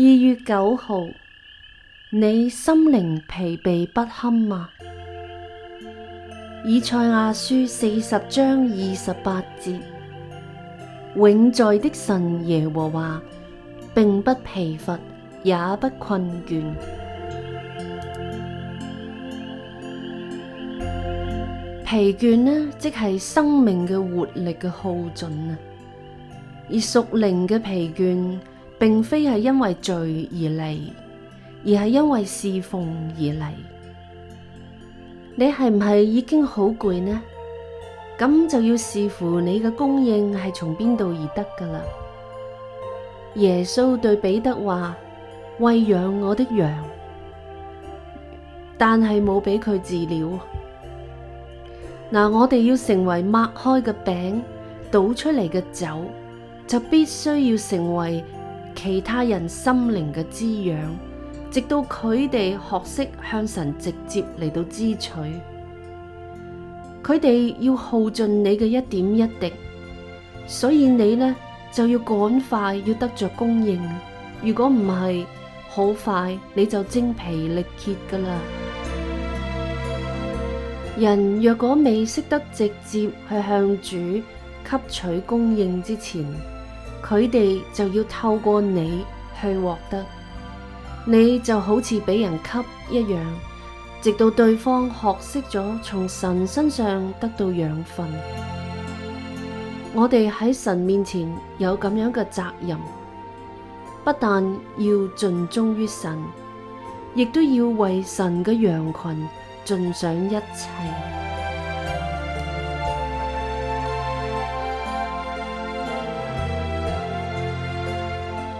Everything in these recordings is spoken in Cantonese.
二月九號，你心靈疲憊不堪嗎，啊？以賽亞書四十章二十八節：永在的神耶和華，並不疲乏，也不困倦。疲倦呢，即係生命嘅活力嘅耗盡啊！而屬靈嘅疲倦。並非係因為罪而嚟，而係因為侍奉而嚟。你係唔係已經好攰呢？咁就要視乎你嘅供應係從邊度而得噶啦。耶穌對彼得話：喂養我的羊，但係冇俾佢治療。嗱，我哋要成為擘開嘅餅、倒出嚟嘅酒，就必須要成為。其他人心靈嘅滋養，直到佢哋學識向神直接嚟到支取，佢哋要耗盡你嘅一點一滴，所以你呢，就要趕快要得着供應。如果唔係，好快你就精疲力竭㗎喇。人若果未識得直接去向主吸取供應之前，佢哋就要透過你去獲得，你就好似俾人吸一樣，直到對方學識咗從神身上得到養分。我哋喺神面前有咁樣嘅責任，不但要盡忠於神，亦都要為神嘅羊群盡上一切。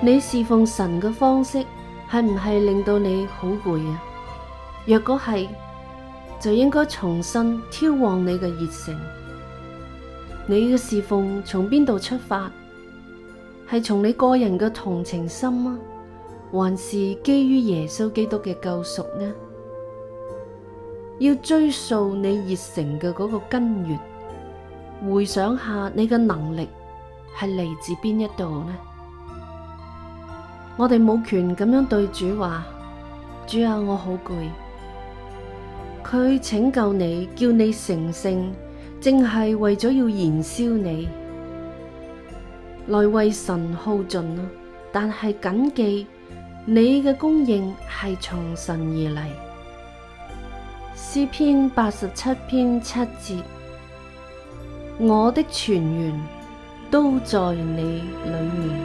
你侍奉神嘅方式係唔係令到你好攰啊？若果係，就應該重新挑旺你嘅熱誠。你嘅侍奉從邊度出發？係從你個人嘅同情心啊，還是基於耶穌基督嘅救贖呢？要追溯你熱誠嘅嗰個根源，回想下你嘅能力係嚟自邊一度呢？我哋冇權咁樣對主話，主啊，我好攰。佢拯救你，叫你成聖，正係為咗要燃燒你，來為神耗盡啦。但係謹記，你嘅供應係從神而嚟。詩篇八十七篇七節：我的泉源都在你裏面。